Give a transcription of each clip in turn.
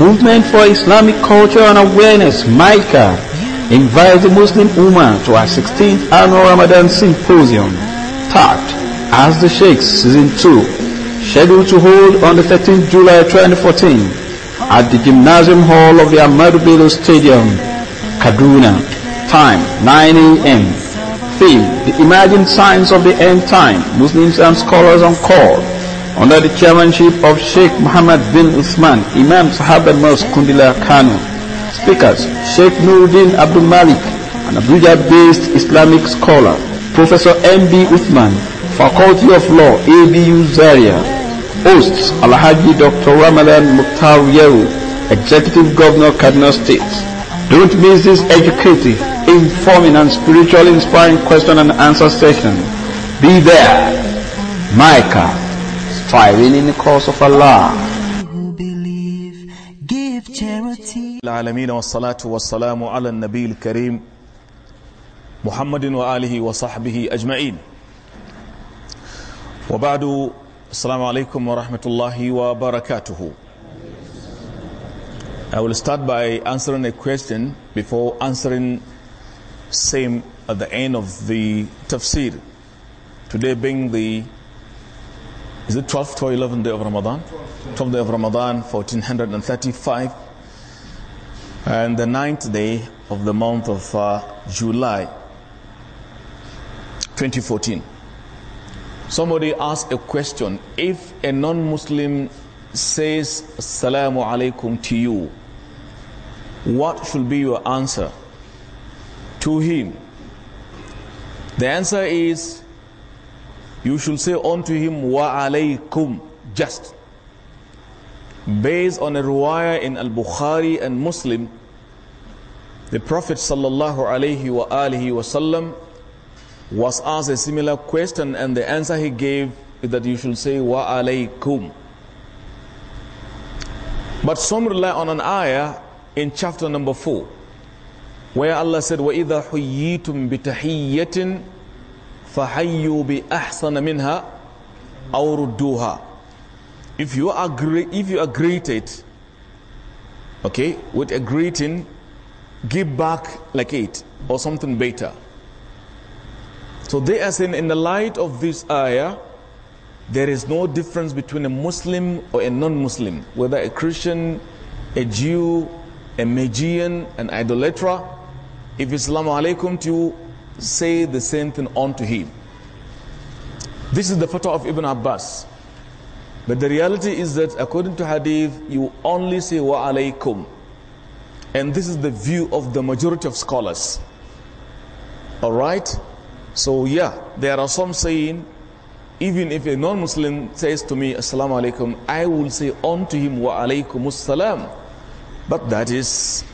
Movement for Islamic Culture and Awareness, MICA, invites the Muslim Ummah to our 16th annual Ramadan Symposium, Third, As the Sheikhs Season 2, scheduled to hold on the 13th July 2014 at the Gymnasium Hall of the Ahmadu Bello Stadium, Kaduna. Time 9 a.m. Theme: The Imagined Signs of the End Time, Muslims and Scholars on Call under the chairmanship of Sheikh Muhammad bin Usman, Imam Sahab al-Mosque Kundila Kanu. Speakers, Sheikh Nuruddin Abdul Malik, an Abuja-based Islamic scholar, Professor M.B. Uthman, Faculty of Law, ABU Zaria. Hosts, Alhaji Dr. Ramadan Mukhtar Yeru, Executive Governor, Kaduna State. Don't miss this educative, informing and spiritually inspiring question and answer session. Be there. Micah striving in the cause of Allah. العالمين والصلاة والسلام على النبي الكريم محمد وآله وصحبه أجمعين وبعد السلام عليكم ورحمة الله وبركاته I will start by answering a question before answering same at the end of the tafsir. Today being the is it 12th or 11th day of Ramadan? 12th day of Ramadan, 1435. And the ninth day of the month of uh, July, 2014. Somebody asked a question. If a non-Muslim says Assalamu alaikum to you, what should be your answer to him? The answer is you should say unto him, Wa alaykum, just. Based on a riwayah in Al Bukhari and Muslim, the Prophet sallallahu alayhi wa alihi wasallam was asked a similar question, and the answer he gave is that you should say, Wa alaykum. But some rely on an ayah in chapter number 4, where Allah said, Wa وَإِذَا حُيِّيتُم بِتَحِيَّةٍ if you are, if you are greeted, okay, with a greeting, give back like it or something better. So they are saying in the light of this ayah, there is no difference between a Muslim or a non-Muslim, whether a Christian, a Jew, a Magian, an idolater. If Islam alaikum to you, say the same thing unto him. This is the photo of Ibn Abbas. But the reality is that according to hadith, you only say wa alaykum. And this is the view of the majority of scholars. Alright? So yeah, there are some saying, even if a non-Muslim says to me, Assalamu alaikum, I will say unto him, wa alaykum assalam. But that is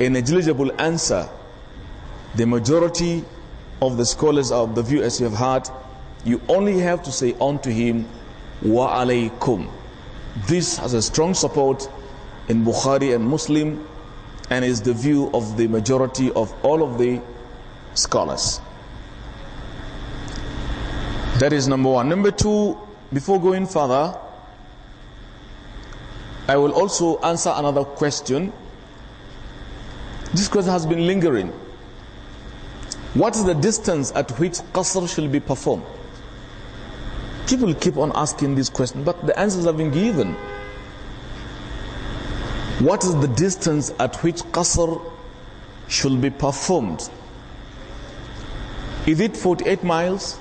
a negligible answer. The majority of the scholars of the view as you have heard, you only have to say unto him, Wa alaykum. This has a strong support in Bukhari and Muslim and is the view of the majority of all of the scholars. That is number one. Number two, before going further, I will also answer another question. This question has been lingering. What is the distance at which qasr should be performed? People keep on asking this question, but the answers have been given. What is the distance at which qasr should be performed? Is it 48 miles?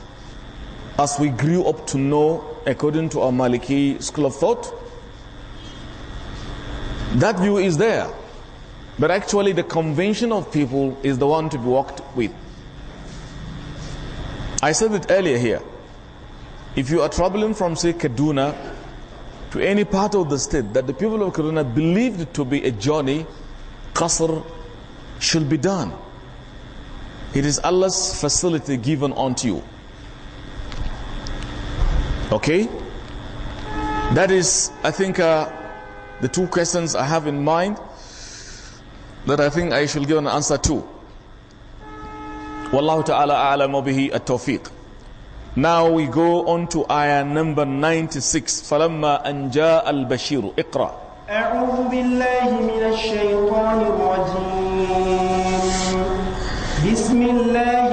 As we grew up to know, according to our Maliki school of thought, that view is there. But actually, the convention of people is the one to be worked with. I said it earlier here. If you are traveling from, say, Kaduna to any part of the state that the people of Kaduna believed to be a journey, Qasr should be done. It is Allah's facility given unto you. Okay? That is, I think, uh, the two questions I have in mind that I think I shall give an answer to. Wallahu ta'ala a'lam bihi at-tawfiq. Now we go on to ayah number 96. فَلَمَّا أَنْ جَاءَ الْبَشِيرُ اقرأ. أعوذ بالله من الشيطان الرجيم. بسم الله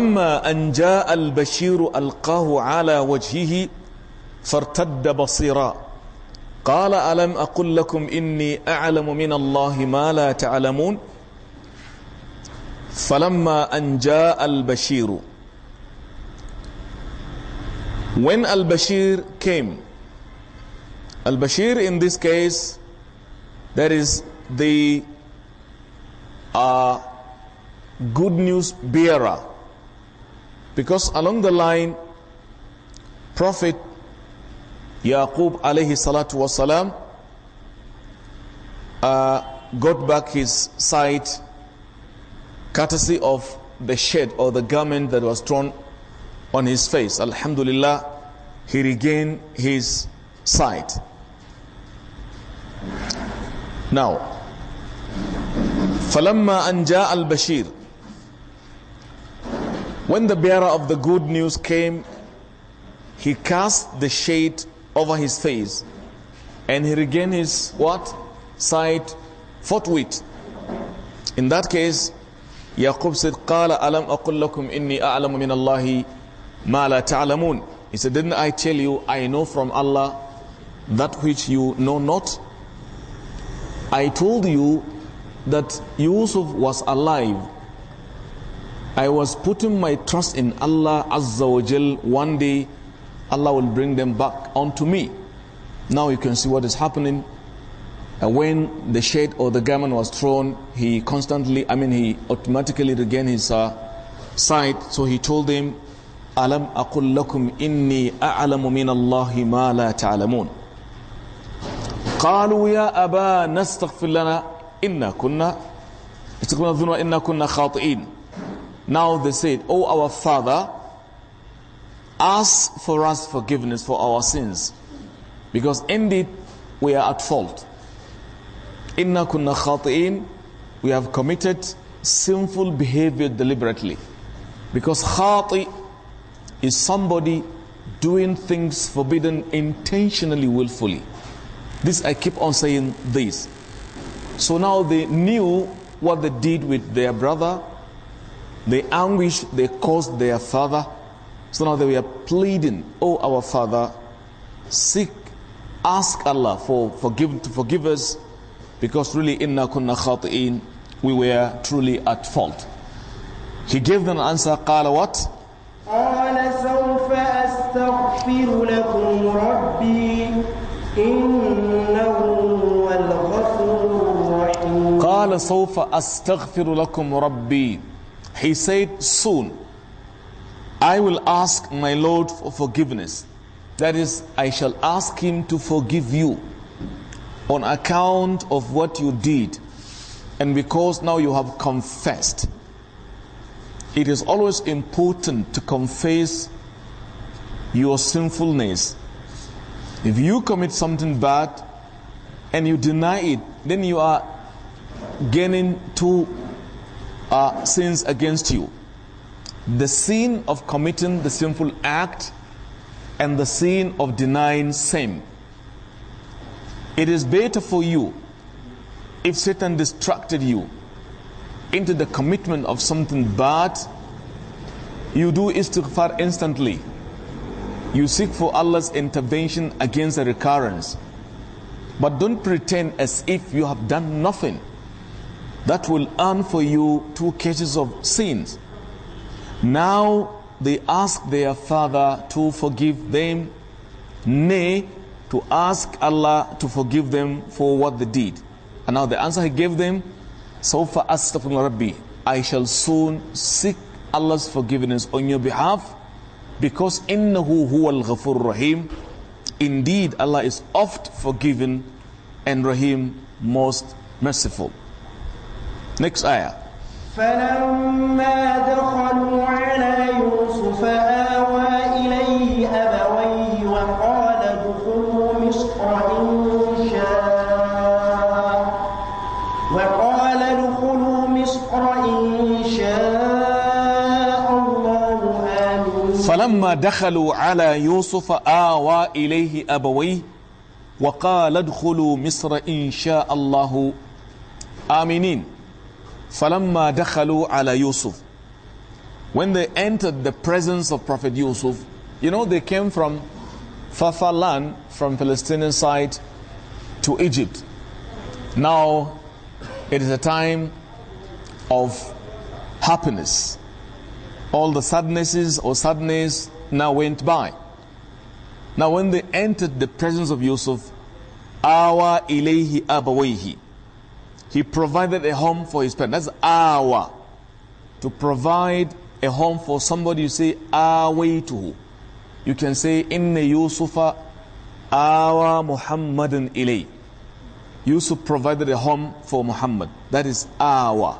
فلما أن جاء البشير ألقاه على وجهه فارتد بصيرا قال ألم أقل لكم إني أعلم من الله ما لا تعلمون فلما أن جاء البشير when al-Bashir came al-Bashir in this case that is the uh, good news bearer Because along the line, Prophet Yaqub alayhi salatu wasalam uh, got back his sight courtesy of the shed or the garment that was thrown on his face. Alhamdulillah, he regained his sight. Now, فلما أن جاء البشير when the bearer of the good news came, he cast the shade over his face and he regained his what? Sight forthwith. In that case, Yaqub said, "Qāla alam akullakum inni إني min Allāhi mā la لا He said, didn't I tell you I know from Allah that which you know not? I told you that Yusuf was alive I was putting my trust in Allah Azza wa Jal. One day, Allah will bring them back onto me. Now you can see what is happening. And when the shade or the garment was thrown, he constantly, I mean, he automatically regained his uh, sight. So he told them, Alam aqul lakum inni a'lamu min Allahi ma la ta'lamun. قالوا يا أبا نستغفر لنا إنا كنا استغفرنا إنا كنا خاطئين now they said, "O oh, our Father, ask for us forgiveness for our sins, because indeed we are at fault. Inna kunna khati'in, we have committed sinful behavior deliberately. Because khati is somebody doing things forbidden intentionally, willfully. This, I keep on saying this. So now they knew what they did with their brother, the anguish they caused their father. So now they were pleading, Oh, our father, seek, ask Allah for forgive, to forgive us because really, inna kunna khati'in, we were truly at fault. He gave them an answer, قال what? قال سوف أستغفر لكم ربي إنه هو الغفور الرحيم قال سوف أستغفر لكم ربي he said, Soon I will ask my Lord for forgiveness. That is, I shall ask him to forgive you on account of what you did and because now you have confessed. It is always important to confess your sinfulness. If you commit something bad and you deny it, then you are gaining two uh, sins against you the sin of committing the sinful act and the sin of denying same. It is better for you if Satan distracted you into the commitment of something bad. You do istighfar instantly. You seek for Allah's intervention against the recurrence. But don't pretend as if you have done nothing that will earn for you two cases of sins. Now they ask their father to forgive them, nay, to ask Allah to forgive them for what they did. And now the answer he gave them, So Sawfa from Rabbi, I shall soon seek Allah's forgiveness on your behalf because innahu huwal ghafur rahim. Indeed, Allah is oft forgiving and Rahim most merciful. Next ayah. فلما دخلوا على يوسف آوى إليه أبويه وقال ادخلوا مصر إن شاء الله آمنين فَلَمَّا دَخَلُوا عَلَى يُوسُفَ When they entered the presence of Prophet Yusuf, you know, they came from Fafalan, from Palestinian side, to Egypt. Now, it is a time of happiness. All the sadnesses or sadness now went by. Now, when they entered the presence of Yusuf, awa ilayhi abawayhi. He provided a home for his parents. That's awa. To provide a home for somebody, you say awaitu. You can say inna Yusufa awa Muhammadan ilay. Yusuf provided a home for Muhammad. That is awa.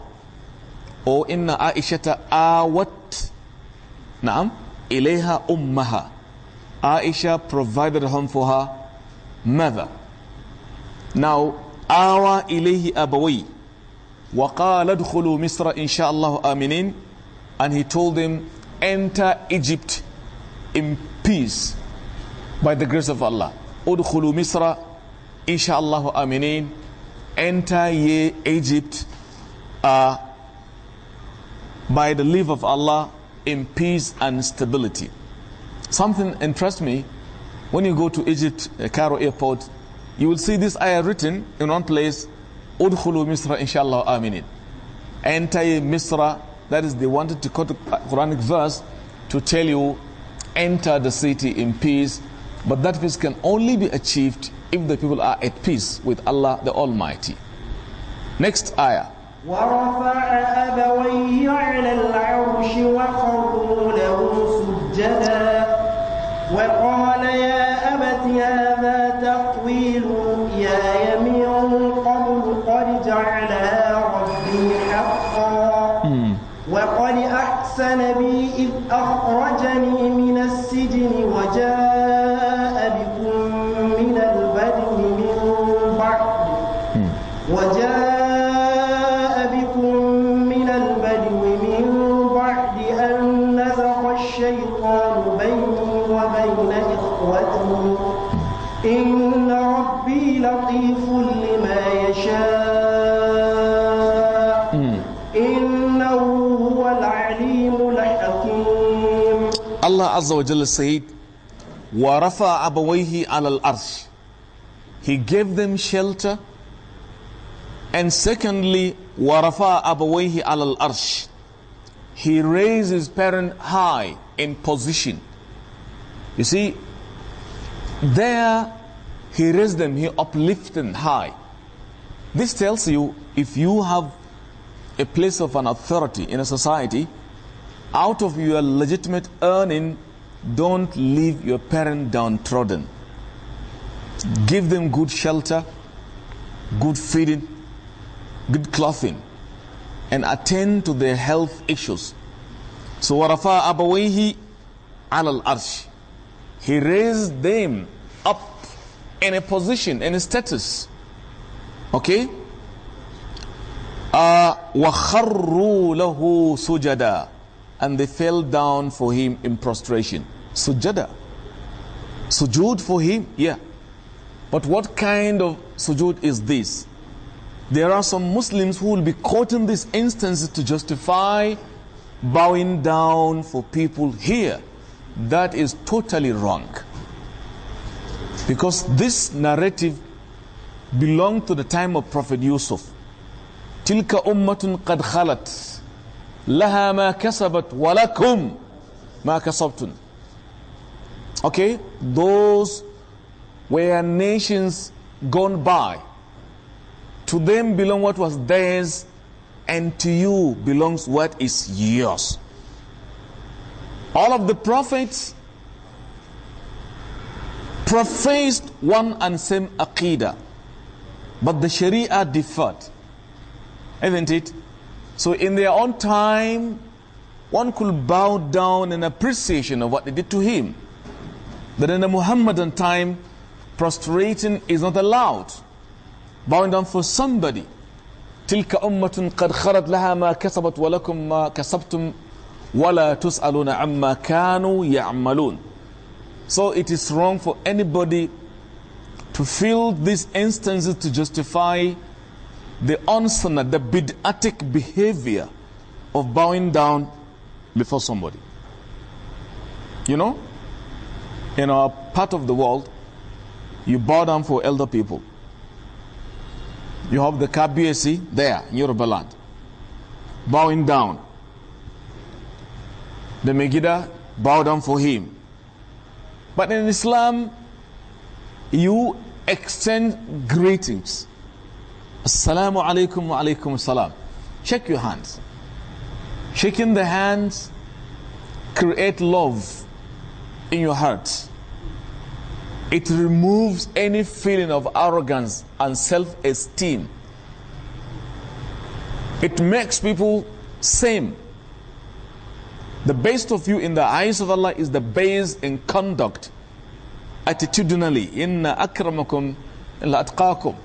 Or inna Aishata awat. Naam. Ilayha ummaha. Aisha provided a home for her mother. Now, awa ilayhi Abawi, wa ادخلوا مصر إن شاء الله آمنين and he told them enter Egypt in peace by the grace of Allah ادخلوا مصر إن شاء الله enter ye Egypt uh, by the leave of Allah in peace and stability something interests me when you go to Egypt uh, Cairo airport you will see this ayah written in one place, Udkhulu Misra inshallah aminin. Enter Misra, that is they wanted to quote the Quranic verse to tell you, enter the city in peace. But that peace can only be achieved if the people are at peace with Allah the Almighty. Next ayah. ورفع أبويه على العرش وخروا له سجدا وقال يا أبت هذا أخرجني من السجن وجاء Allah Azza wa Jalla said, "Warafa أَبَوَيْهِ al arsh." He gave them shelter. And secondly, "Warafa أَبَوَيْهِ al arsh." He raised his parent high in position. You see, there he raised them, he uplifted them high. This tells you if you have a place of an authority in a society, out of your legitimate earning, don't leave your parent downtrodden. Give them good shelter, good feeding, good clothing, and attend to their health issues. So warafa Abawihi, al arsh. He raised them up in a position, in a status. Okay? وَخَرُّوا لَهُ سُجَدًا and they fell down for him in prostration. Sujada. Sujood for him, yeah. But what kind of sujood is this? There are some Muslims who will be quoting these instances to justify bowing down for people here. That is totally wrong. Because this narrative belonged to the time of Prophet Yusuf. Tilka ummatun qad لها ما كسبت ولكم ما كسبتم okay those were nations gone by to them belong what was theirs and to you belongs what is yours all of the prophets professed one and same aqidah but the sharia differed isn't it so in their own time, one could bow down in appreciation of what they did to him. But in the Muhammadan time, prostrating is not allowed. Bowing down for somebody. تلك أمة قد خرت لها ما كسبت ولكم ما كسبتم ولا تسألون عما كانوا يعملون. So it is wrong for anybody to fill these instances to justify the unsunnah, the bid'atic behavior of bowing down before somebody. You know, in our part of the world, you bow down for elder people. You have the KBSC there in Yoruba land, bowing down. The Megiddo bow down for him. But in Islam, you extend greetings Assalamu alaikum wa alaikum salam. Check your hands. Shaking the hands create love in your heart. It removes any feeling of arrogance and self-esteem. It makes people same. The best of you in the eyes of Allah is the best in conduct, attitudinally. Inna akramakum illa atqakum.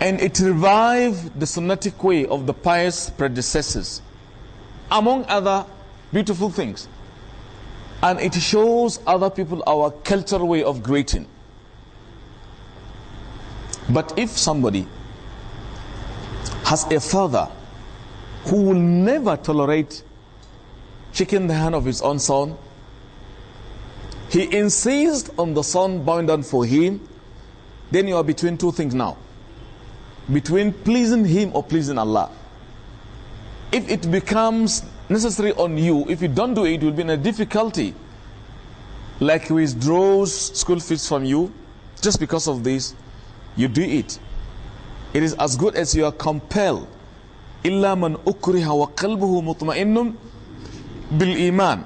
And it revived the Sunnatic way of the pious predecessors, among other beautiful things. And it shows other people our cultural way of greeting. But if somebody has a father who will never tolerate shaking the hand of his own son, he insists on the son bowing down for him, then you are between two things now between pleasing Him or pleasing Allah. If it becomes necessary on you, if you don't do it, you'll be in a difficulty. Like he withdraws school fees from you, just because of this, you do it. It is as good as you are compelled. إلا من أكره وقلبه مطمئن بالإيمان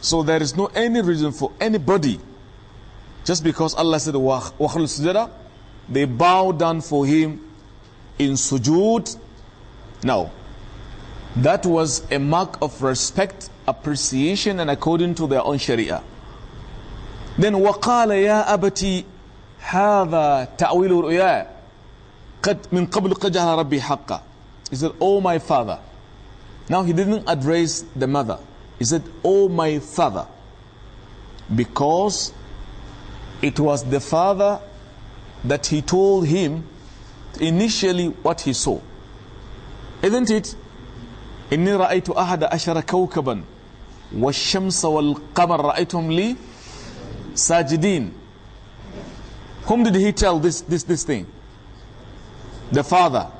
So there is no any reason for anybody just because Allah said وَخْلُ السُّجَدَةِ they bow down for him in sujood. Now, that was a mark of respect, appreciation, and according to their own sharia. Then waqala ya abati hada تأويل ya, قد min qabl قجها ربي He said, Oh my father. Now he didn't address the mother. He said, Oh my father. Because it was the father that he told him initially what he saw. Isn't it? إني رأيت أحد عشر كوكبا والشمس والقمر رأيتهم لي ساجدين Whom did he tell this, this, this thing? The father.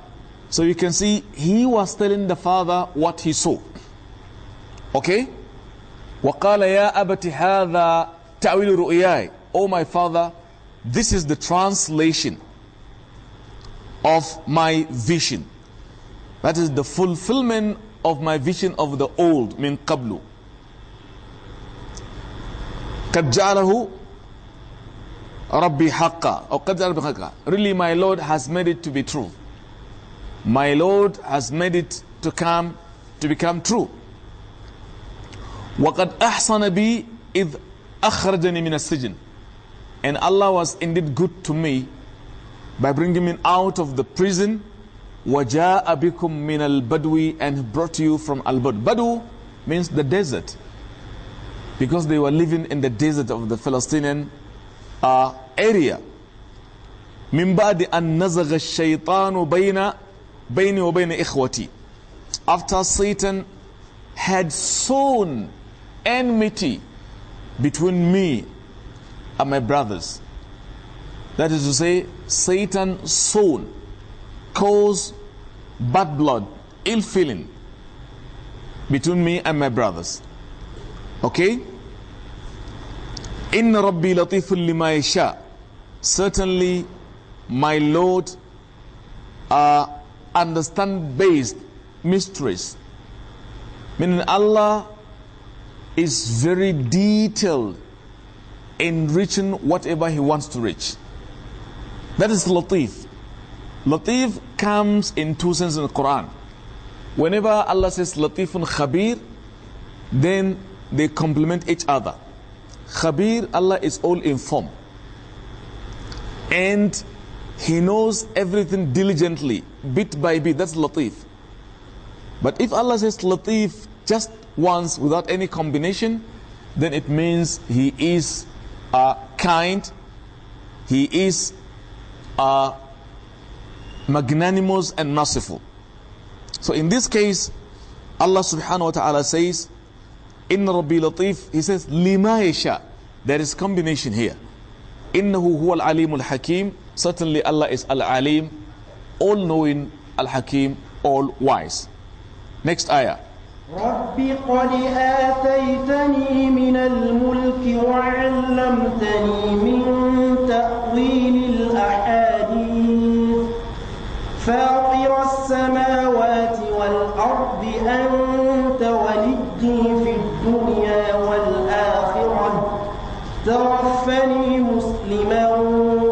So you can see he was telling the father what he saw. Okay? وقال يا أبت هذا تأويل رؤياي. Oh my father, this is the translation of my vision. That is the fulfillment of my vision of the old, min qablu. قد Rabbi ربي or أو قد جعله Really my Lord has made it to be true. My Lord has made it to come to become true. وقد أحسن بي إذ أخرجني من السجن and Allah was indeed good to me by bringing me out of the prison. وَجَاءَ بِكُم مِّنَ الْبَدْوِ And brought you from al badu. Badu means the desert. Because they were living in the desert of the Palestinian uh, area. من بعد أن نزغ الشيطان بين بيني وبين إخوتي After Satan had sown enmity between me are my brothers. That is to say, Satan soon caused bad blood, ill feeling between me and my brothers. Okay? Inna Rabbi Latiful Limaisha, Certainly, my Lord, uh, understand based mysteries. Meaning, Allah is very detailed in reaching whatever he wants to reach. That is Latif. Latif comes in two senses in the Quran. Whenever Allah says Latifun Khabir, then they complement each other. Khabir, Allah is all informed. And He knows everything diligently, bit by bit. That's Latif. But if Allah says Latif just once without any combination, then it means He is uh, kind, he is uh, magnanimous and merciful. So in this case, Allah subhanahu wa ta'ala says, Inna Rabbi Latif, he says, Lima yasha. There is combination here. Innahu huwa al-alimul hakim. Certainly Allah is al-alim, all-knowing, al-hakim, all-wise. Next ayah. رب قد آتيتني من الملك وعلمتني من تأويل الأحاديث فاطر السماوات والأرض أنت ولدي في الدنيا والآخرة توفني مسلما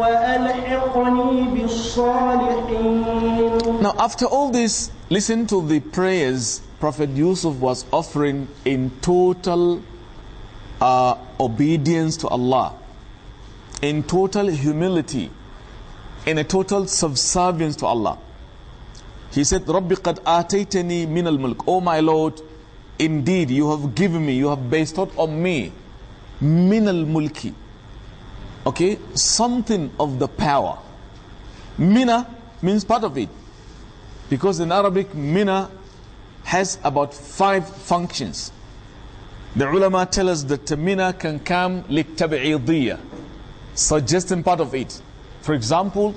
وألحقني بالصالحين Now after all this, listen to the prayers Prophet Yusuf was offering in total uh, obedience to Allah, in total humility, in a total subservience to Allah. He said, Rabbi qad ataytani min al-mulk. Oh my Lord, indeed you have given me, you have bestowed on me min al-mulki. Okay, something of the power. Mina means part of it. Because in Arabic, mina has about five functions. The ulama tell us that tamina can come لِلْتَبْعِيضِيَّة Suggesting part of it. For example,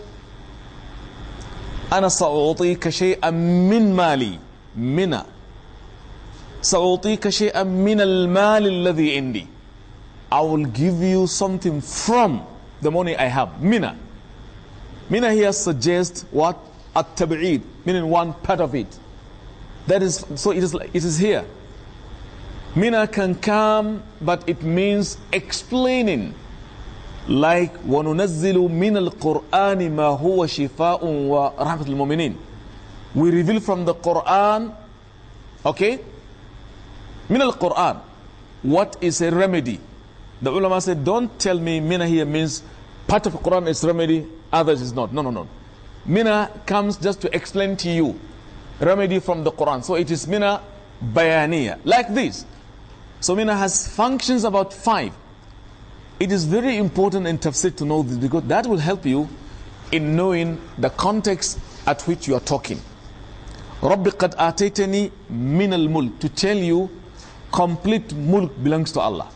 أنا سأعطيك شيئا من مالي منا سأعطيك شيئا من المال الذي عندي I will give you something from the money I have mina mina here suggests what at-tab'id meaning one part of it that is, so it is, it is here. Mina can come, but it means explaining. Like, وَنُنَزِّلُ مِنَ الْقُرْآنِ مَا هُوَ شِفَاءٌ وَرَحْمَةُ الْمُؤْمِنِينَ We reveal from the Quran, okay? Min al-Quran, what is a remedy? The ulama said, don't tell me mina here means part of Quran is remedy, others is not. No, no, no. Mina comes just to explain to you remedy from the Quran. So it is Mina Bayaniya, like this. So Mina has functions about five. It is very important in tafsir to know this because that will help you in knowing the context at which you are talking. Rabbi qad ataytani min al mulk to tell you complete mulk belongs to Allah.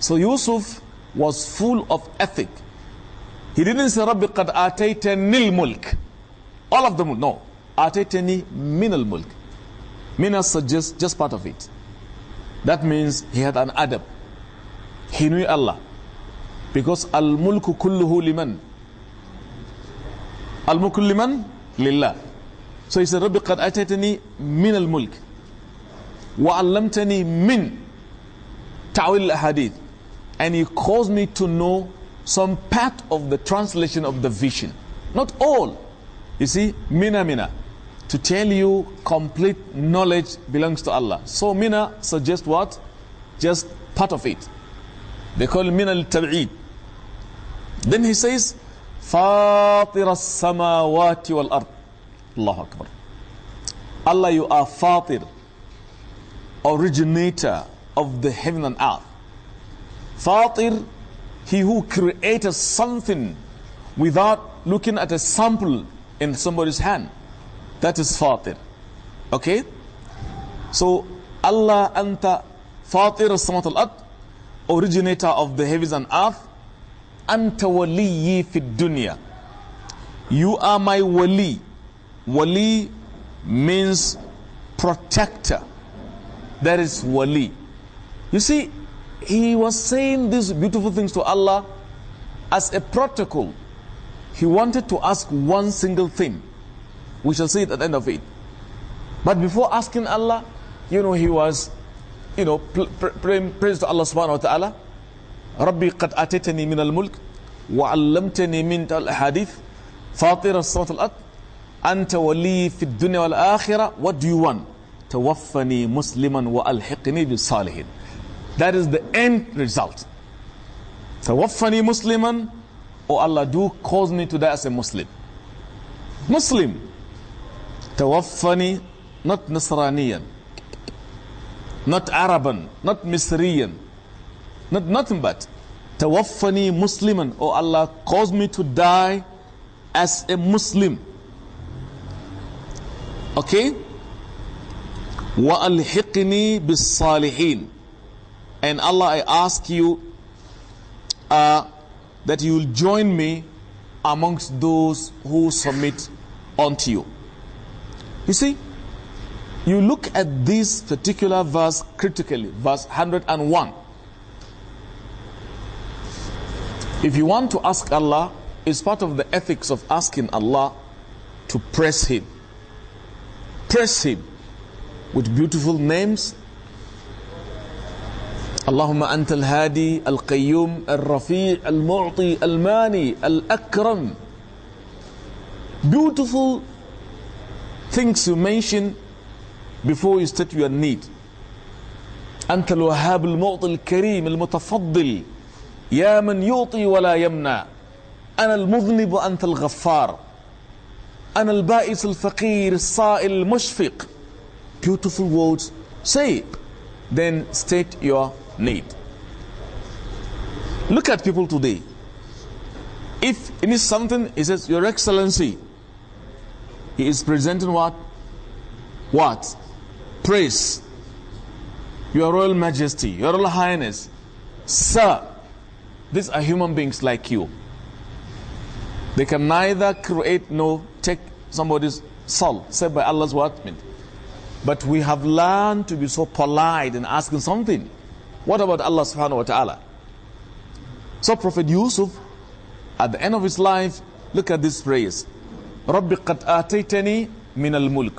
So Yusuf was full of ethic. He didn't say Rabbi qad ataytani al mulk. All of the mulk. No atetani min al mulk. Mina suggests just part of it. That means he had an adab. He knew Allah. Because al mulku kulluhu liman. Al mulku liman? Lillah. So he said, Rabbi qad atetani min al mulk. Wa allamtani min ta'wil al hadith. And he caused me to know some part of the translation of the vision. Not all. You see, mina mina to tell you complete knowledge belongs to Allah. So Mina suggests what? Just part of it. They call Mina al-Tab'id. Then he says, فاطر السماوات والأرض الله أكبر Allah you are Fatir originator of the heaven and earth Fatir he who created something without looking at a sample in somebody's hand that is fatir. Okay? So, Allah anta fatir samat al ad, originator of the heavens and earth, anta waliyi fid dunya. You are my wali. Wali means protector. That is wali. You see, he was saying these beautiful things to Allah as a protocol. He wanted to ask one single thing. We shall see it at the end of it. But before asking Allah, you know, he was, you know, praying praise to Allah subhanahu wa ta'ala. ربي قد أتيتني من الملك وعلمتني من الحديث فاطر السماوات والأرض أنت ولي في الدنيا والآخرة what do you want توفني مسلما وألحقني بالصالحين that is the end result توفني مسلما oh Allah do cause me to die as a Muslim Muslim Tawaffani, not Nasranian, not Araban, not Misrian, not nothing but Tawaffani Musliman. Oh Allah, cause me to die as a Muslim. Okay? وَأَلْحِقْنِي بِالصَّالِحِينَ And Allah, I ask you uh, that you will join me amongst those who submit unto you. You see, you look at this particular verse critically, verse 101. If you want to ask Allah, it's part of the ethics of asking Allah to press Him. Press Him with beautiful names. al-rafi', al-mu'ti, al-mani, al-akram. beautiful things you mention before you state your need أنت الوهاب المعطي الكريم المتفضل يا من يعطي ولا يمنع أنا المذنب وأنت الغفار أنا البائس الفقير الصائل المشفق beautiful words say it then state your need look at people today if it is something he says your excellency he is presenting what? What? Praise. Your Royal Majesty, Your Royal Highness, Sir, these are human beings like you. They can neither create nor take somebody's soul, said by Allah's word. But we have learned to be so polite in asking something. What about Allah subhanahu wa ta'ala? So Prophet Yusuf, at the end of his life, look at this praise. ربي قد آتيتني من الملك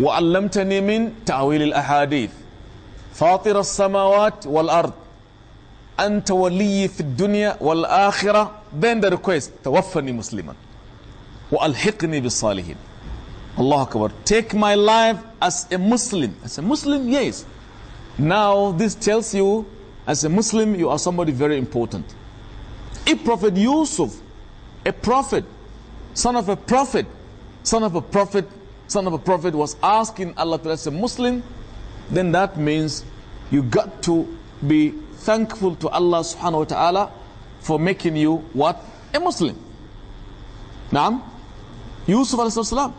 وعلمتني من تأويل الأحاديث فاطر السماوات والأرض أنت ولي في الدنيا والآخرة بين ريكويست توفني مسلما وألحقني بالصالحين الله أكبر take my life as a Muslim as a Muslim yes now this tells you as a Muslim you are somebody very important a prophet Yusuf a prophet son of a prophet, son of a prophet, son of a prophet was asking Allah to as a Muslim, then that means you got to be thankful to Allah subhanahu wa ta'ala for making you what? A Muslim. Naam. Yusuf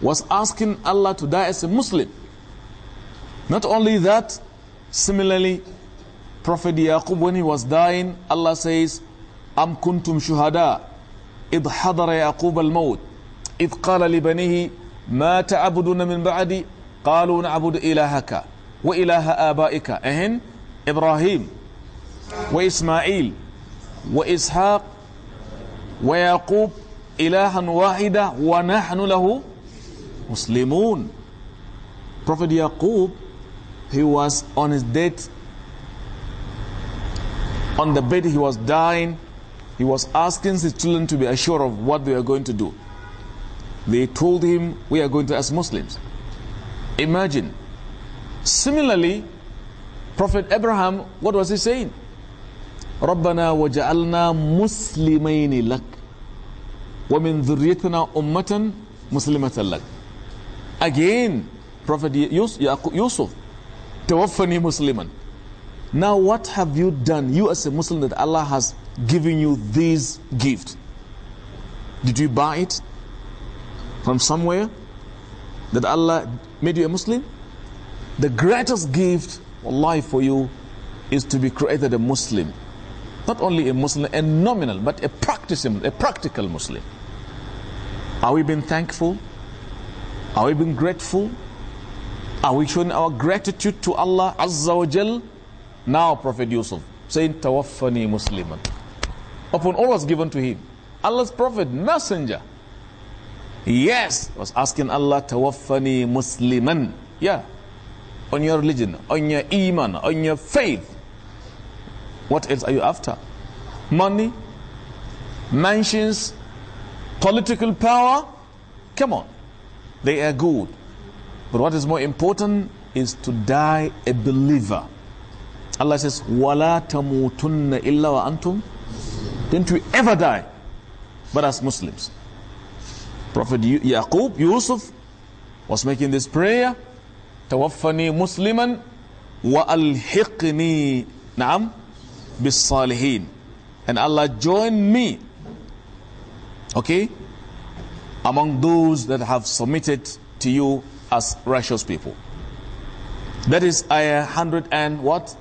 was asking Allah to die as a Muslim. Not only that, similarly, Prophet Yaqub when he was dying, Allah says, Am kuntum shuhada إذ حضر يعقوب الموت إذ قال لبنيه ما تعبدون من بعدي قالوا نعبد إلهك وإله آبائك أهن إبراهيم وإسماعيل وإسحاق ويعقوب إلها واحدة ونحن له مسلمون Prophet Yaqub he was on his death on the bed he was dying He was asking his children to be assured of what they are going to do. They told him, We are going to ask Muslims. Imagine. Similarly, Prophet Abraham, what was he saying? ربنا وجعلنا مسلمين لك ومن ذريتنا أمة مسلمة لك Again, Prophet Yusuf, توفني مسلما now, what have you done, you as a Muslim, that Allah has given you this gift? Did you buy it from somewhere that Allah made you a Muslim? The greatest gift, life for you is to be created a Muslim. Not only a Muslim, a nominal, but a practicing, a practical Muslim. Are we being thankful? Are we being grateful? Are we showing our gratitude to Allah Azza wa Jal? Now Prophet Yusuf saying, Tawaffani Musliman. Upon all was given to him. Allah's Prophet, messenger. Yes, was asking Allah, Tawaffani Musliman. Yeah. On your religion, on your iman, on your faith. What else are you after? Money, mansions, political power. Come on. They are good. But what is more important is to die a believer. Allah says, Wala tamutunna illa wa antum. Don't we ever die but as Muslims. Prophet Yaqub, Yusuf, was making this prayer. Tawaffani Musliman wa alhiqni na'am salihin," And Allah join me, okay, among those that have submitted to you as righteous people. That is ayah 100 and what?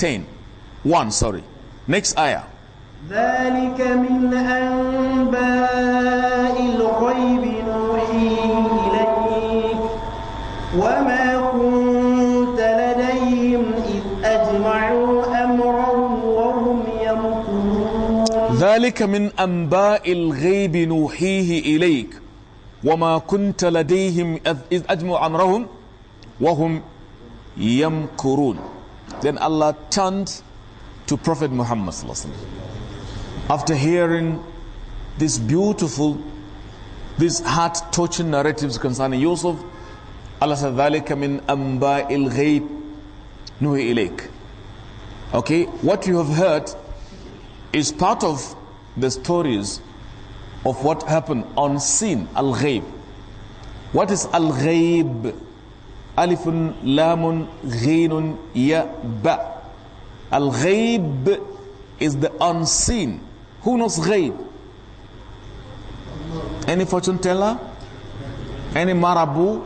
10 1 sorry next ayah ذلك من أنباء الغيب نوحيه إليك وما كنت لديهم إذ أجمعوا أمرهم وهم يمكرون ذلك من أنباء الغيب نوحيه إليك وما كنت لديهم إذ أجمعوا أمرهم وهم يمكرون Then Allah turned to Prophet Muhammad after hearing these beautiful, these heart-touching narratives concerning Yusuf. Allah said, ذَلِكَ مِنْ أَنْبَاءِ الْغَيْبِ نُهِي إِلَيْكَ Okay, what you have heard is part of the stories of what happened on sin, al ghayb What is al-Ghayb?" ألف لام غين يا ba الغيب is the unseen. Who knows غيب Any fortune teller? Any marabu?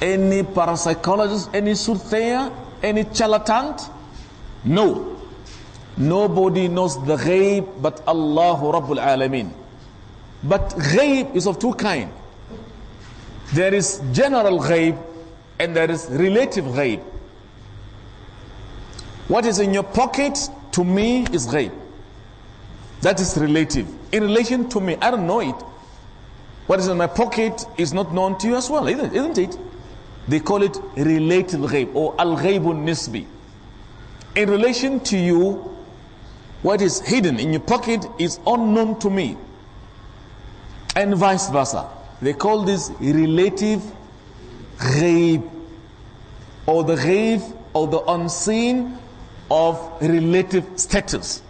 Any parapsychologist? Any soothsayer? Any charlatan? No. Nobody knows the غيب but Allah رب العالمين But غيب is of two kinds. There is general ghaib and there is relative ghaib. What is in your pocket to me is ghaib. That is relative. In relation to me, I don't know it. What is in my pocket is not known to you as well, isn't it? They call it relative ghaib or al ghaibun nisbi. In relation to you, what is hidden in your pocket is unknown to me. And vice versa. They call this relative ghaib or the ghaib or the unseen of relative status.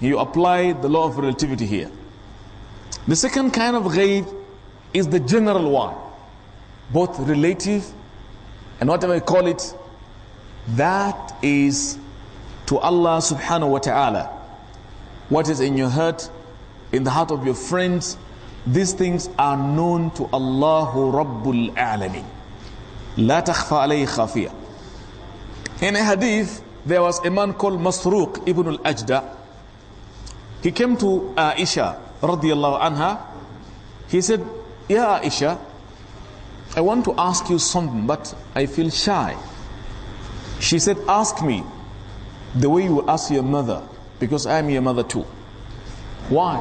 You apply the law of relativity here. The second kind of ghaib is the general one, both relative and whatever you call it, that is to Allah subhanahu wa ta'ala. What is in your heart, in the heart of your friends, these things are known to Allah Rabbul Alameen. لا تخفى عليه خافية In a hadith, there was a man called Masruq ibn al-Ajda. He came to Aisha radiallahu anha. He said, Ya Aisha, I want to ask you something, but I feel shy. She said, ask me the way you ask your mother, because I am your mother too. Why?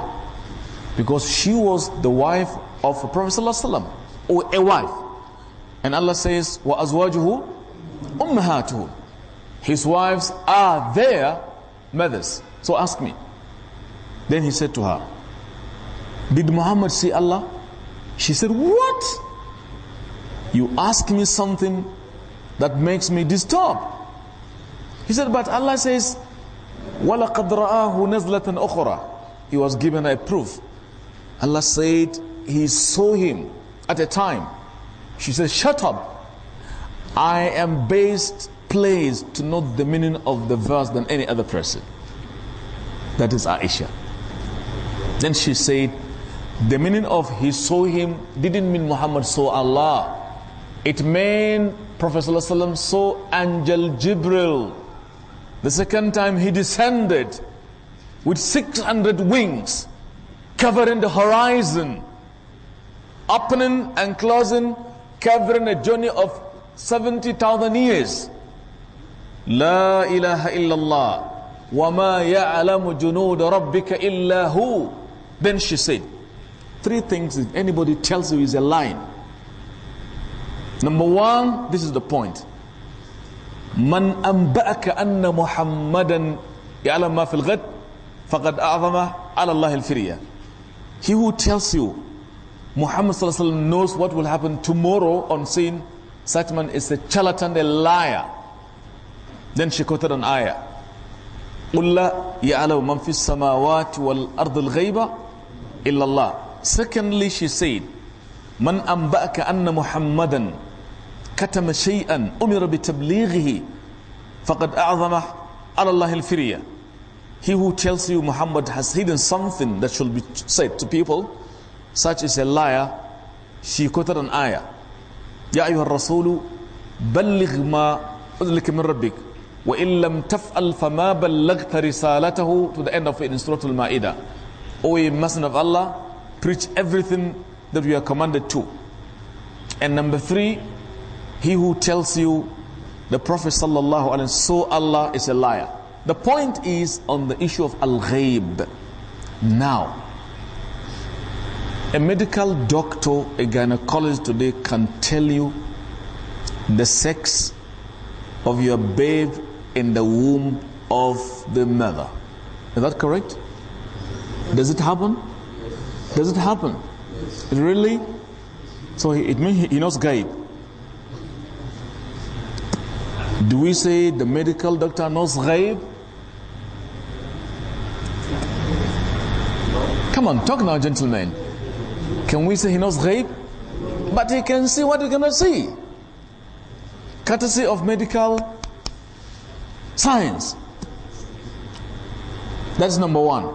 Because she was the wife of Prophet ﷺ, or a wife. And Allah says, وَأَزْوَاجُهُ أُمَّهَاتُهُ His wives are their mothers. So ask me. Then he said to her, Did Muhammad see Allah? She said, What? You ask me something that makes me disturbed. He said, But Allah says, He was given a proof. Allah said, He saw him at a time she says, Shut up. I am best placed to know the meaning of the verse than any other person. That is Aisha. Then she said, The meaning of he saw him didn't mean Muhammad saw Allah. It meant Prophet ﷺ saw Angel Jibril. The second time he descended with 600 wings covering the horizon, opening and closing covering a journey of 70,000 years. لا إله إلا الله وَمَا يَعْلَمُ جُنُودَ رَبِّكَ إِلَّا هو. Then she said, three things if anybody tells you is a lie. Number one, this is the point. من أنبأك أن محمدا يعلم ما في الغد فقد أعظم على الله الفرية. He who tells you Muhammad knows what will happen tomorrow on sin. Such man is a charlatan, a liar. Then she quoted an ayah. قُلْ لَا يَعْلَوْ مَنْ فِي السَّمَاوَاتِ وَالْأَرْضِ الْغَيْبَ إِلَّا اللَّهِ Secondly, she said, مَنْ أَنْبَأَكَ أَنَّ مُحَمَّدًا كَتَمَ شَيْئًا أُمِرَ بِتَبْلِيغِهِ فَقَدْ أَعْظَمَهُ عَلَى اللَّهِ الْفِرِيَةِ He who tells you Muhammad has hidden something that should be said to people, such is a liar, she quoted an ayah. يا أيها الرسول بلغ ما أذلك من ربك وإن لم تفعل فما بلغت رسالته to the end of it in Surah Al-Ma'idah. O ye Messenger of Allah, preach everything that we are commanded to. And number three, he who tells you the Prophet sallallahu alaihi so Allah is a liar. The point is on the issue of al-ghaib. Now, a medical doctor, a gynecologist today can tell you the sex of your babe in the womb of the mother. Is that correct? Does it happen? Does it happen? really? So it means he knows Gaib. Do we say the medical doctor knows Gaib? Come on, talk now, gentlemen. Can we say he knows ghaib? But he can see what we cannot see. Courtesy of medical science. That's number one.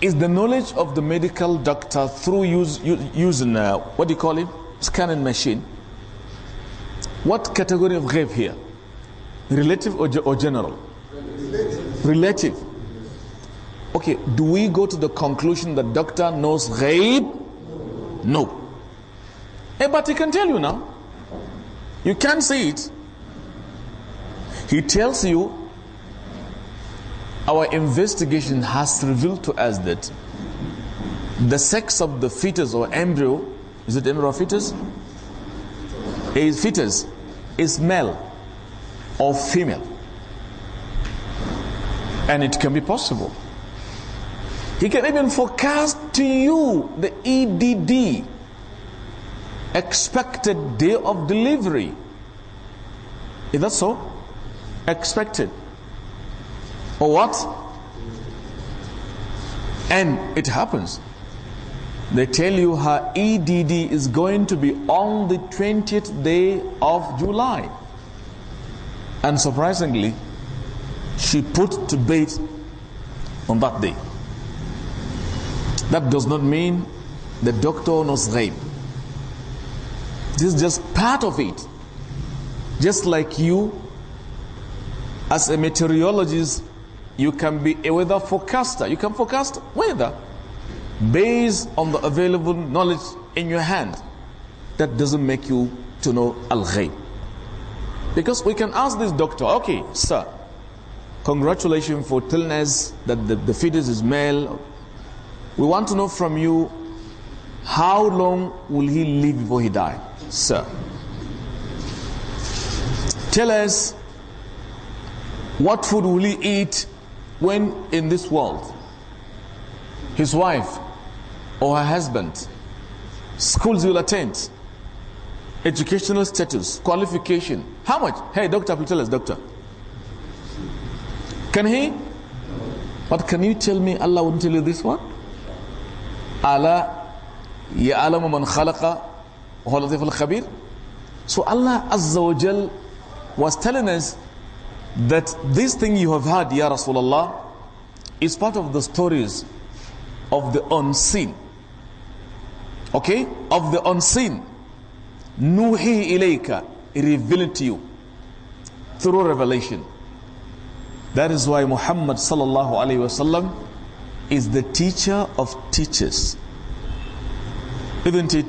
Is the knowledge of the medical doctor through use, using, uh, what do you call it? Scanning machine. What category of grave here? Relative or, or general? Relative. Relative. Okay, do we go to the conclusion that doctor knows ghaib? No. Hey, eh, but he can tell you now. You can't see it. He tells you our investigation has revealed to us that the sex of the fetus or embryo, is it embryo fetus? Is fetus is male or female. And it can be possible. He can even forecast to you the EDD, expected day of delivery. Is that so? Expected. Or what? And it happens. They tell you her EDD is going to be on the 20th day of July. And surprisingly, she put to bed on that day. That does not mean the doctor knows rape. This is just part of it. Just like you, as a meteorologist, you can be a weather forecaster. You can forecast weather based on the available knowledge in your hand. That doesn't make you to know al-ghayb. Because we can ask this doctor, okay, sir, congratulations for telling us that the, the fetus is male, we want to know from you how long will he live before he die, sir? Tell us what food will he eat when in this world? His wife or her husband, schools he will attend, educational status, qualification. How much? Hey, doctor, please tell us, doctor. Can he? But can you tell me Allah wouldn't tell you this one? ألا يعلم من خلق وهو لطيف الخبير so Allah Azza wa Jal was telling us that this thing you have heard Ya Rasulullah is part of the stories of the unseen okay of the unseen nuhi ilayka revealed to you through revelation that is why Muhammad sallallahu alaihi wasallam is the teacher of teachers. Isn't it?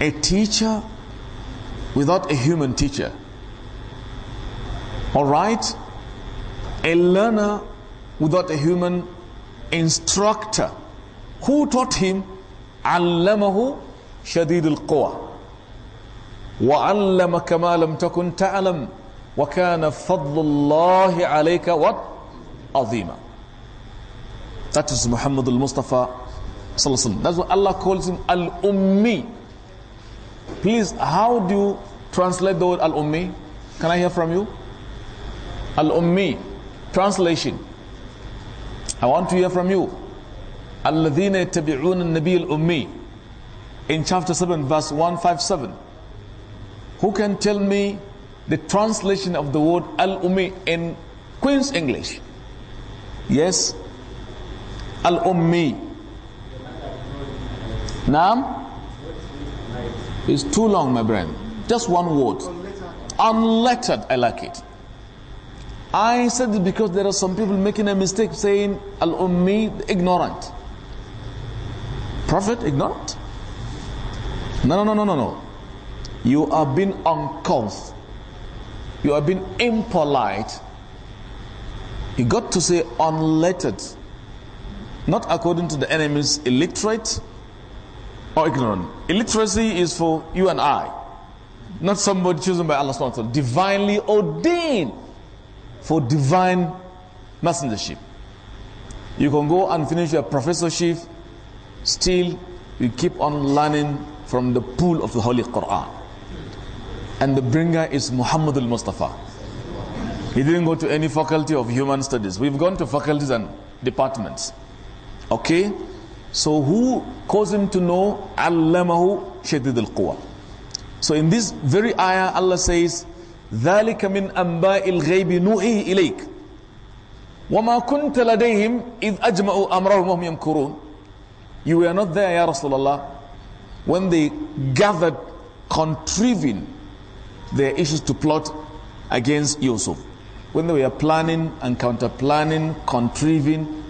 A teacher without a human teacher. All right? A learner without a human instructor. Who taught him? علمه شديد القوى وعلّم كما لم تكن تعلم وكان فضل الله عليك what? عظيما that is Muhammad al-Mustafa That's what Allah calls him Al-Ummi. Please, how do you translate the word Al-Ummi? Can I hear from you? Al-Ummi. Translation. I want to hear from you. الَّذِينَ يَتَّبِعُونَ النَّبِيَ الْأُمِّي In chapter 7, verse 157. Who can tell me the translation of the word Al-Ummi in Queen's English? Yes, al ummi. Naam? It's too long, my friend. Just one word. Unlettered, I like it. I said it because there are some people making a mistake saying Al Ummi, ignorant. Prophet, ignorant? No, no, no, no, no, You are being uncouth. You are being impolite. You got to say unlettered not according to the enemies illiterate or ignorant. Illiteracy is for you and I, not somebody chosen by Allah SWT, divinely ordained for divine messengership. You can go and finish your professorship, still you keep on learning from the pool of the Holy Quran. And the bringer is Muhammad al-Mustafa. He didn't go to any faculty of human studies. We've gone to faculties and departments. Okay? So who caused him to know? Allamahu shadid al quwa. So in this very ayah, Allah says, ذَلِكَ مِنْ أَنْبَاءِ الْغَيْبِ نُوحِهِ إِلَيْكَ وَمَا كُنْتَ لَدَيْهِمْ إِذْ أَجْمَعُوا أَمْرَهُمْ وَهُمْ يَمْكُرُونَ You were not there, Ya Rasulullah, when they gathered, contriving their issues to plot against Yusuf. When they were planning and counter-planning, contriving,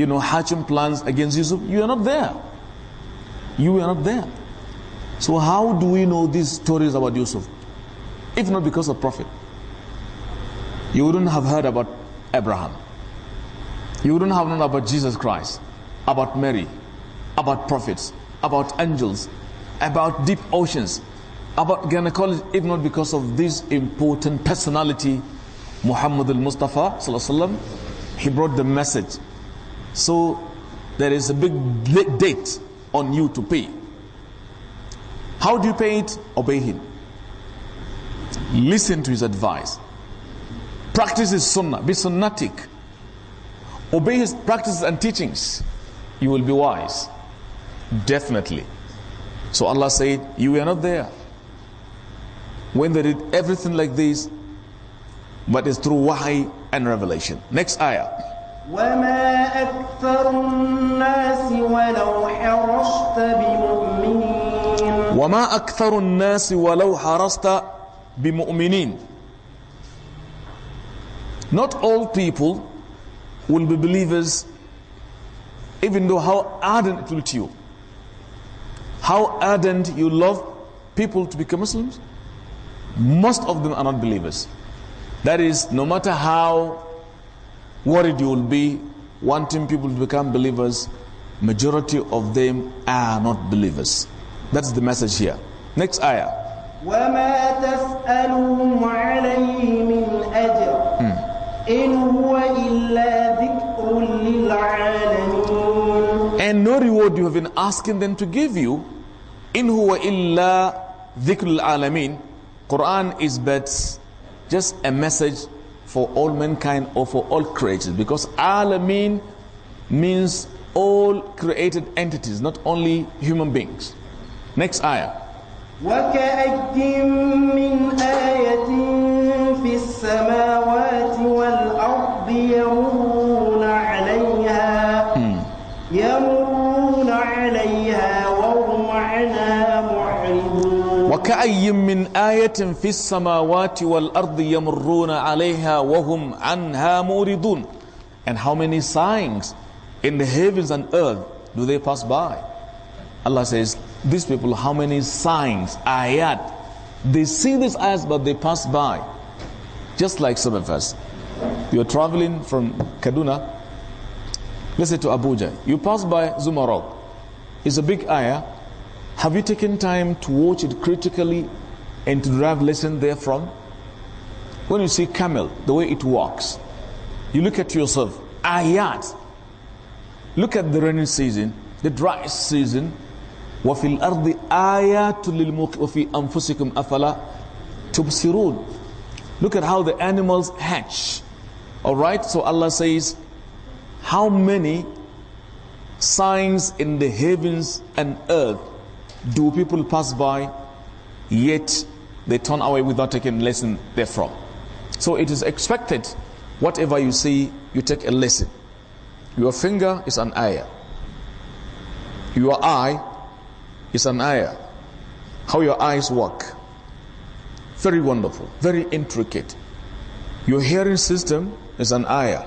you know, hatching plans against Yusuf. You are not there. You are not there. So how do we know these stories about Yusuf? If not because of Prophet. You wouldn't have heard about Abraham. You wouldn't have known about Jesus Christ, about Mary, about prophets, about angels, about deep oceans, about gynecology, if not because of this important personality, Muhammad al-Mustafa, he brought the message so there is a big debt on you to pay. How do you pay it? Obey him. Listen to his advice. Practice his sunnah. Be sunnatic. Obey his practices and teachings. You will be wise. Definitely. So Allah said, You were not there. When they did everything like this, but it's through wahi and revelation. Next ayah. وما أكثر الناس ولو حرصت بمؤمنين وما أكثر الناس ولو حرصت بمؤمنين Not all people will be believers even though how ardent it will to you. How ardent you love people to become Muslims. Most of them are not believers. That is, no matter how worried you will be wanting people to become believers. Majority of them are not believers. That's the message here. Next ayah. Hmm. And no reward you have been asking them to give you إن هو إلا ذكر العالمين Quran is but just a message for all mankind or for all creatures because alamin means all created entities not only human beings next ayah من آية في السماوات والأرض وكأي من آية في السماوات والأرض يمرون عليها وهم عنها موردون And how many signs in the heavens and earth do they pass by? Allah says, these people, how many signs, ayat, they see these ayats but they pass by. Just like some of us. You're traveling from Kaduna, let's say to Abuja. You pass by Zumarok. It's a big ayah have you taken time to watch it critically and to derive lesson therefrom? When you see camel, the way it walks, you look at yourself, ayat. Look at the rainy season, the dry season. وفي الأرض آيات للموق وفي أنفسكم أفلا تبصرون Look at how the animals hatch. Alright, so Allah says, How many signs in the heavens and earth do people pass by, yet they turn away without taking lesson therefrom. So it is expected, whatever you see, you take a lesson. Your finger is an eye. Your eye is an eye. How your eyes work. Very wonderful, very intricate. Your hearing system is an eye.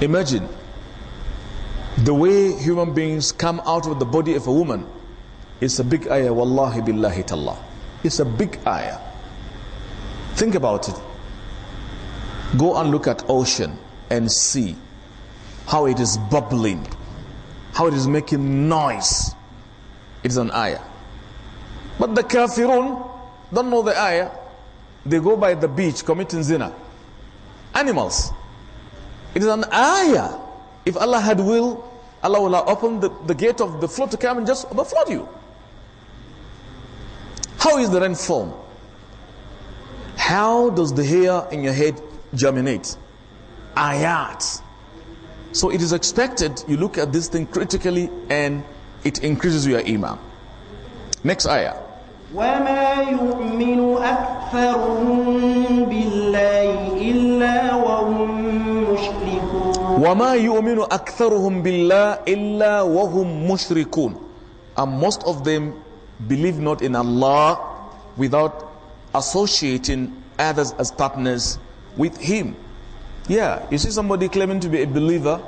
Imagine the way human beings come out of the body of a woman it's a big ayah, wallahi billahi tallah. It's a big ayah. Think about it. Go and look at ocean and see how it is bubbling, how it is making noise. It's an ayah. But the kafirun don't know the ayah. They go by the beach committing zina. Animals. It is an ayah. If Allah had will, Allah will open the, the gate of the flood to come and just overflood you. How is the rain formed? How does the hair in your head germinate? Ayat. So it is expected you look at this thing critically and it increases your iman. Next ayah. وما يؤمن أكثرهم بالله إلا وهم مشركون وما يؤمن أكثرهم بالله إلا وهم مشركون And most of them Believe not in Allah without associating others as partners with Him. Yeah, you see somebody claiming to be a believer,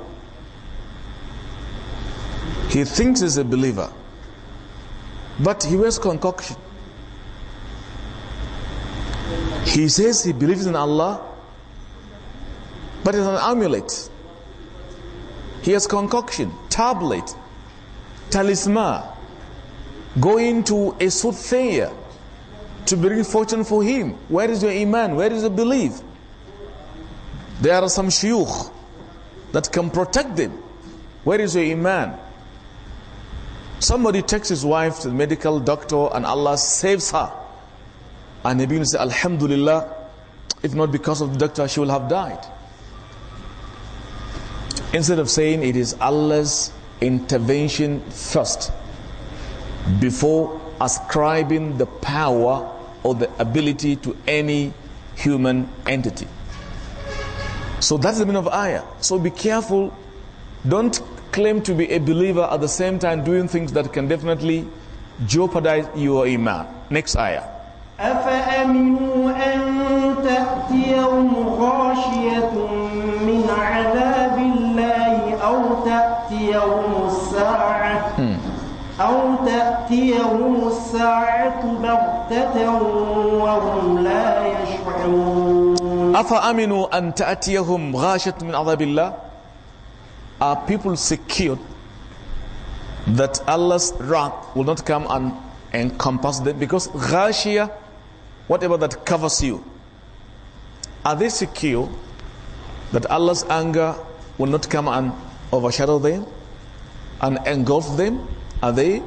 he thinks he's a believer, but he wears concoction. He says he believes in Allah, but it's an amulet. He has concoction, tablet, talisman, going to a soothsayer to bring fortune for him. Where is your iman? Where is your belief? There are some shuyukh that can protect them. Where is your iman? Somebody takes his wife to the medical doctor and Allah saves her. And he begins to say, Alhamdulillah, if not because of the doctor, she will have died. Instead of saying it is Allah's intervention first before ascribing the power or the ability to any human entity. So that's the meaning of ayah. So be careful. Don't claim to be a believer at the same time doing things that can definitely jeopardize your iman. Next ayah. أفأمنوا أو تأتيهم الساعة بغتة وهم لا يشعرون أفأمنوا أن تأتيهم غاشة من عذاب الله Are people secured that Allah's wrath will not come and encompass them because ghashia whatever that covers you are they secure that Allah's anger will not come and overshadow them and engulf them are they?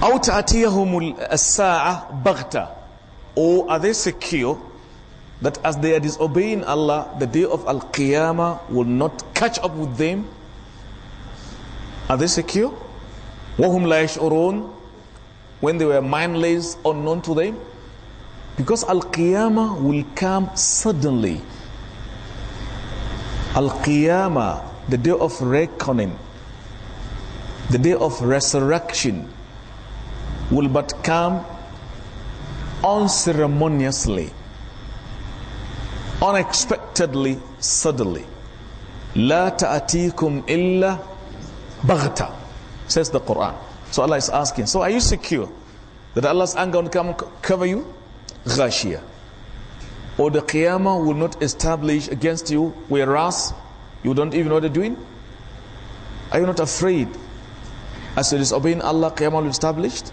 Out أو تأتيهم الساعة بغتة Or are they secure that as they are disobeying Allah, the day of Al-Qiyamah will not catch up with them? Are they secure? وهم لا يشعرون When they were mindless, unknown to them? Because Al-Qiyamah will come suddenly. Al-Qiyamah, the day of reckoning, the day of resurrection will but come unceremoniously, unexpectedly, suddenly. لا تأتيكم إلا بغتة says the Quran. So Allah is asking, so are you secure that Allah's anger will come cover you? Ghashia. Or the Qiyamah will not establish against you, whereas you don't even know what they're doing? Are you not afraid as it is obeying Allah, Qiyamah will established.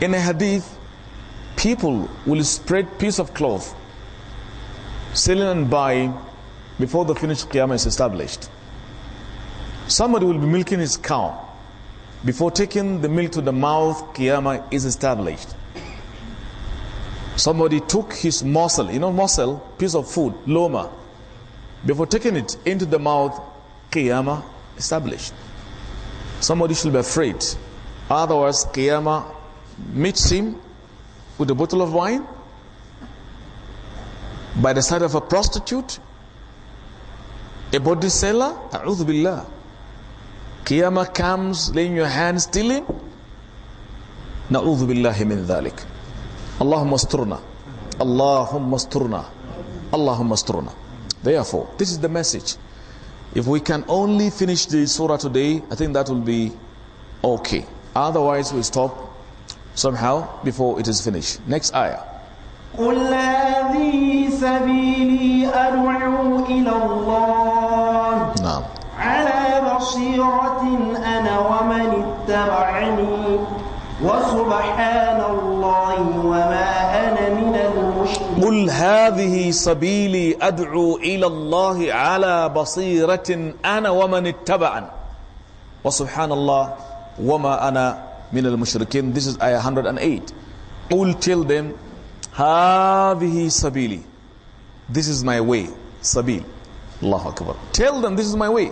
In a hadith, people will spread piece of cloth, selling and buying before the finished Qiyamah is established. Somebody will be milking his cow. Before taking the milk to the mouth, Qiyamah is established. Somebody took his morsel, you know, morsel, piece of food, loma. Before taking it into the mouth, Qiyamah established. Somebody should be afraid. Otherwise, Qiyamah meets him with a bottle of wine by the side of a prostitute, a body seller. A'udhu billah. Qiyamah comes, laying your hand, stealing. Na'udhu billahi min dhalik. Allahumma asturna. Allahumma asturna. Allahumma asturna. Therefore, this is the message. If we can only finish the surah today, I think that will be okay. Otherwise, we stop somehow before it is finished. Next ayah. قل هذه سبيلي أدعو إلى الله نعم على بصيرة أنا ومن اتبعني وسبحان الله وما قل هذه سبيلي أدعو إلى الله على بصيرة أنا ومن اتبعن وسبحان الله وما أنا من المشركين This is ayah 108 قل tell them هذه سبيلي This is my way سبيل الله أكبر Tell them this is my way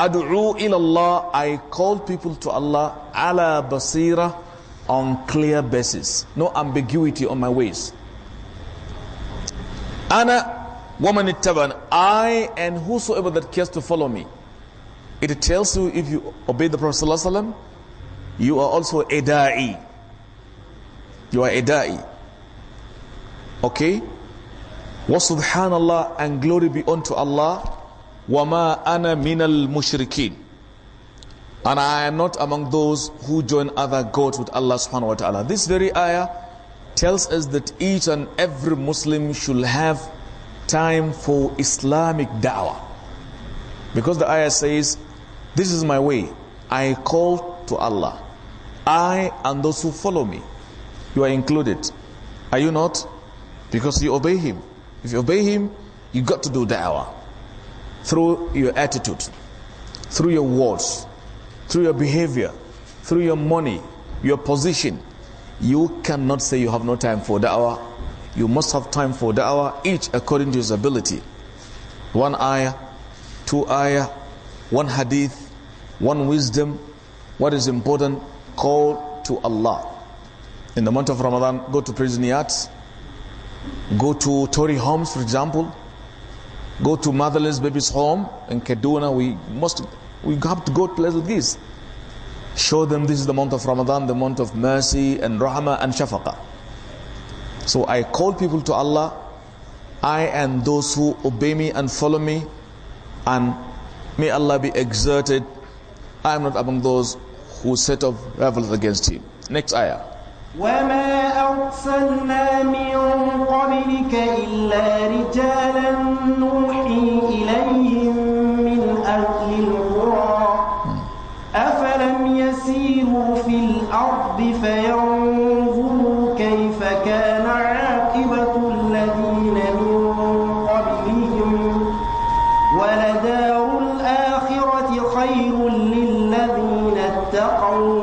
أدعو إلى الله I call people to Allah على بصيرة on clear basis no ambiguity on my ways Ana woman ittaban, I and whosoever that cares to follow me. It tells you if you obey the Prophet ﷺ, you are also a da'i. You are a da'i. Okay? Wa subhanallah and glory be unto Allah. Wa ma ana minal mushrikeen. And I am not among those who join other gods with Allah subhanahu wa ta'ala. This very ayah tells us that each and every Muslim should have time for Islamic da'wah. Because the ayah says, This is my way. I call to Allah. I and those who follow me. You are included. Are you not? Because you obey Him. If you obey Him, you got to do da'wah. Through your attitude, through your words, through your behavior, through your money, your position, you cannot say you have no time for da'wah. You must have time for da'wah, each according to his ability. One ayah, two ayah, one hadith, one wisdom. What is important? Call to Allah. In the month of Ramadan, go to prison yards, go to Tory homes, for example, go to motherless babies' home in Kaduna. We must, we have to go to places like this. Show them this is the month of Ramadan, the month of mercy and rahmah and shafaqah. So I call people to Allah, I and those who obey me and follow me, and may Allah be exerted. I am not among those who set up rebels against him. Next ayah. وما أرسلنا من قبلك إلا رجالا نوحي إليهم من أهل في الأرض فينظروا كيف كان عاقبة الذين من قبلهم ولدار الآخرة خير للذين اتقوا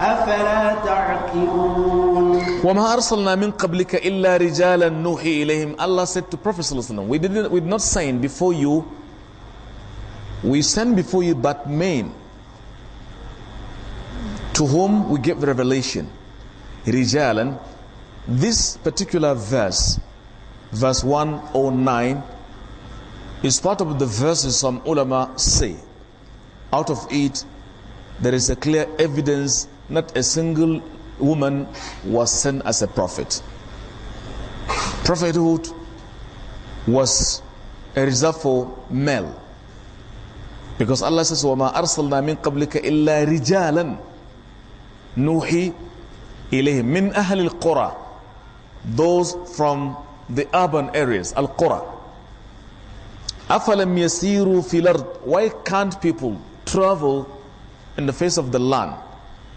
أفلا تعقلون وما أرسلنا من قبلك إلا رجالا نوحي إليهم الله said to Prophet صلى الله عليه وسلم we, didn't, we did not send before you we send before you but men to whom we give revelation. Rijalan. This particular verse, verse 109, is part of the verses some ulama say. Out of it, there is a clear evidence not a single woman was sent as a prophet. Prophethood was reserved for male. Because Allah says, وَمَا أَرْسَلْنَا مِن قَبْلِكَ إِلَّا رِجَالًا نوحي إليهم من أهل القرى those from the urban areas القرى أفلم يسيروا في الأرض why can't people travel in the face of the land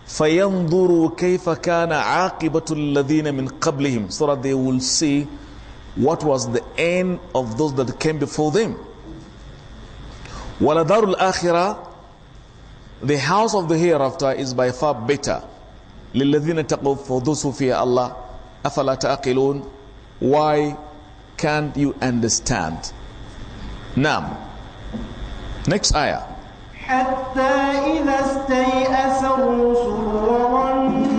فينظروا كيف كان عاقبة الذين من قبلهم so that they will see what was the end of those that came before them ولدار الآخرة The house of the hereafter is by far better. لِلَّذِينَ تَقُوا For those who fear Allah. أَفَلَا تَأْقِلُونَ Why can't you understand? Now, next ayah. حتى إذا استيأس الرسل